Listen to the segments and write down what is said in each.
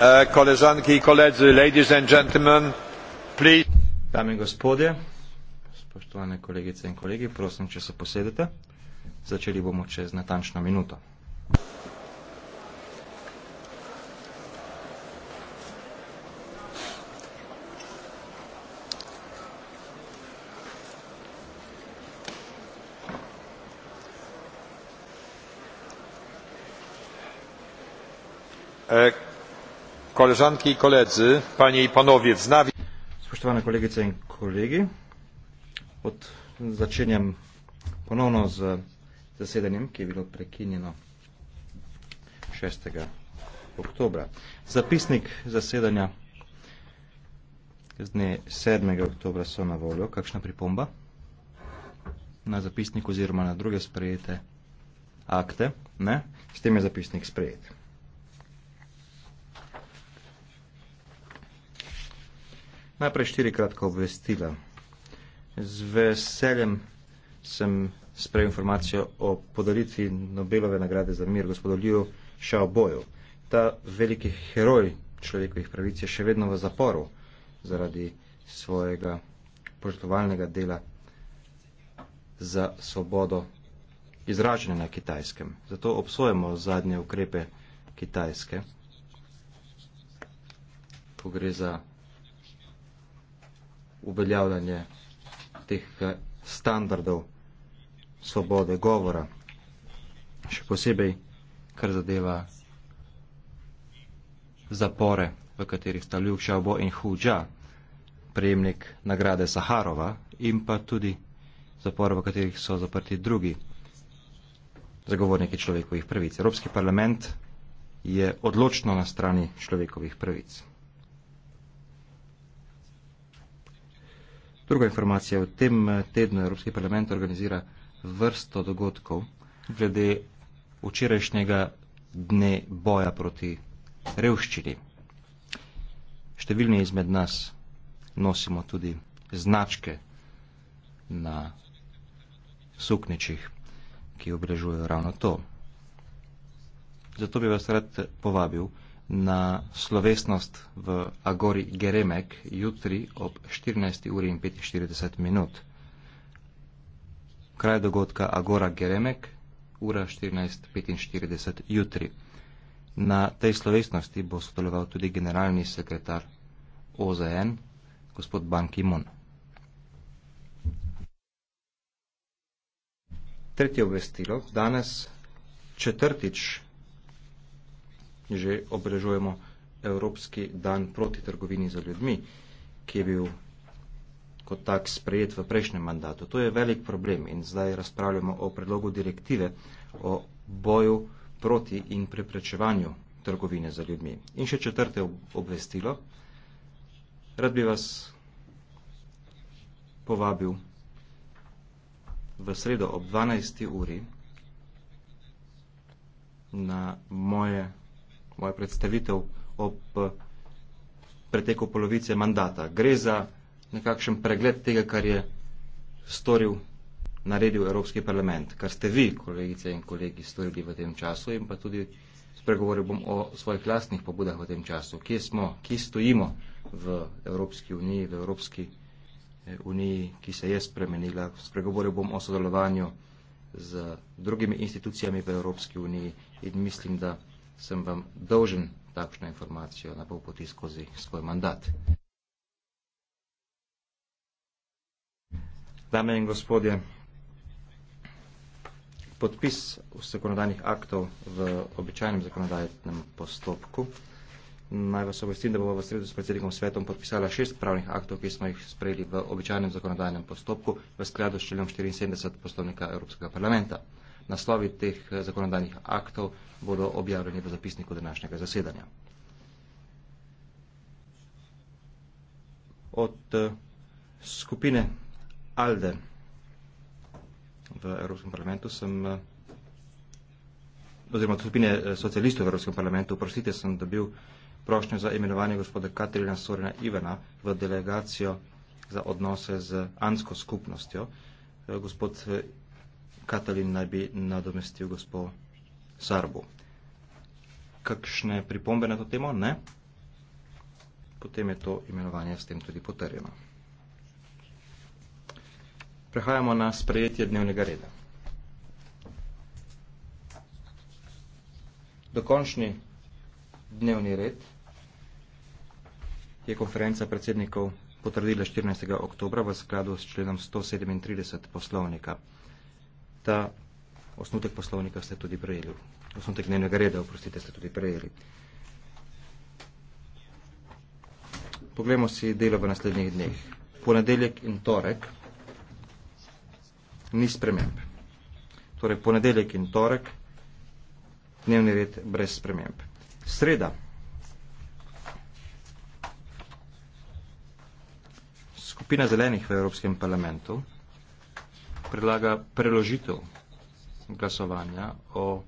E, dame in gospodje spoštovane kolegice in kolegi prosim če se posedete začeli bomo čez natančno minuto e, koleżanki i koledzy, panie i panowie, wznawiam. Spoštovane kolegice in kolegi, od začenjam ponovno z zasedanjem, ki je bilo prekinjeno 6. oktobra. Zapisnik zasedanja z dne 7. oktobra so na voljo. Kakšna pripomba na zapisnik oziroma na druge sprejete akte? Ne? S tem je zapisnik sprejet. Najprej štiri kratka obvestila. Z veseljem sem sprejel informacijo o podaritvi Nobelove nagrade za mir gospodu Liu Xiaoboju. Ta veliki heroj človekovih pravic je še vedno v zaporu zaradi svojega požrtovalnega dela za svobodo izražene na kitajskem. Zato obsojamo zadnje ukrepe kitajske, ko gre za uveljavljanje teh eh, standardov svobode govora, še posebej, kar zadeva zapore, v katerih sta Liu Xiaobo in Hu Jia, prejemnik nagrade Saharova, in pa tudi zapore, v katerih so zaprti drugi zagovorniki človekovih pravic. Evropski parlament je odločno na strani človekovih pravic. Druga informacija. V tem eh, tednu Evropski parlament organizira vrsto dogodkov glede včerajšnjega dne boja proti revščini. Številni izmed nas nosimo tudi značke na sukničih, ki obrežujejo ravno to. Zato bi vas rad povabil, na slovesnost v Agori Geremek jutri ob 14.45. Kraj dogodka Agora Geremek, ura 14.45 jutri. Na tej slovesnosti bo sodeloval tudi generalni sekretar OZN, gospod Ban Ki-moon. Tretje obvestilo. Danes četrtič že obrežujemo Evropski dan proti trgovini za ljudmi, ki je bil kot tak sprejet v prejšnjem mandatu. To je velik problem in zdaj razpravljamo o predlogu direktive o boju proti in preprečevanju trgovine za ljudmi. In še četrte obvestilo. Rad bi vas povabil v sredo ob 12. uri na moje moja predstavitev ob eh, preteku polovice mandata. Gre za nekakšen pregled tega, kar je storil, naredil Evropski parlament, kar ste vi, kolegice in kolegi, storili v tem času in pa tudi spregovoril bom o svojih lastnih pobudah v tem času. Kje smo, kje stojimo v Evropski uniji, v Evropski eh, uniji, ki se je spremenila. Spregovoril bom o sodelovanju z drugimi institucijami v Evropski uniji in mislim, da sem vam dolžen takšno informacijo na pol poti skozi svoj mandat. Dame in gospodje, podpis zakonodajnih aktov v običajnem zakonodajnem postopku. Naj vas obvestim, da bomo v sredo s predsednikom svetom podpisala šest pravnih aktov, ki smo jih sprejeli v običajnem zakonodajnem postopku v skladu s členom 74 poslovnika Evropskega parlamenta naslovi teh eh, zakonodajnih aktov bodo objavljeni v zapisniku današnjega zasedanja. Od eh, skupine ALDE v Evropskem parlamentu sem eh, oziroma skupine socialistov v Evropskem parlamentu, prosite, sem dobil prošnjo za imenovanje gospoda Katarina Sorina Ivana v delegacijo za odnose z ansko skupnostjo. Gospod Katalin naj bi nadomestil gospo Sarbo. Kakšne pripombe na to temo? Ne. Potem je to imenovanje s tem tudi potrjeno. Prehajamo na sprejetje dnevnega reda. Dokončni dnevni red je konferenca predsednikov potrdila 14. oktobra v skladu s členom 137 poslovnika ta osnutek poslovnika ste tudi prejeli. Osnutek njenega reda, oprostite, ste tudi prejeli. Poglejmo si delo v naslednjih dneh. Ponedeljek in torek ni sprememb. Torej, ponedeljek in torek, dnevni red brez sprememb. Sreda. Skupina zelenih v Evropskem parlamentu predlaga preložitev glasovanja o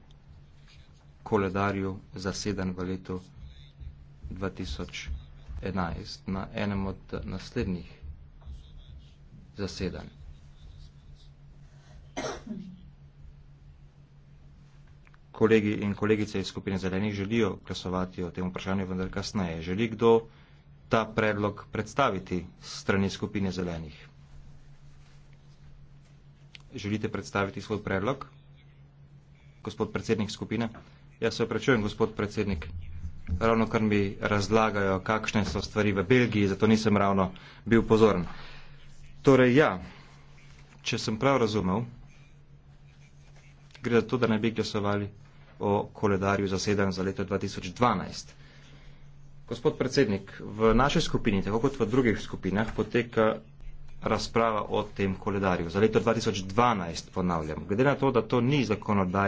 koledarju zaseden v letu 2011 na enem od naslednjih zaseden. Kolegi in kolegice iz skupine zelenih želijo glasovati o tem vprašanju, vendar kasneje. Želi kdo ta predlog predstaviti strani skupine zelenih? Želite predstaviti svoj predlog? Gospod predsednik skupine? Ja, se oprečujem, gospod predsednik. Ravno kar mi razlagajo, kakšne so stvari v Belgiji, zato nisem ravno bil pozoren. Torej, ja, če sem prav razumel, gre za to, da ne bi glasovali o koledarju zasedanj za leto 2012. Gospod predsednik, v naši skupini, tako kot v drugih skupinah, poteka razprava o tem koledarju. Za leto 2012 ponavljam, glede na to, da to ni zakonodaj,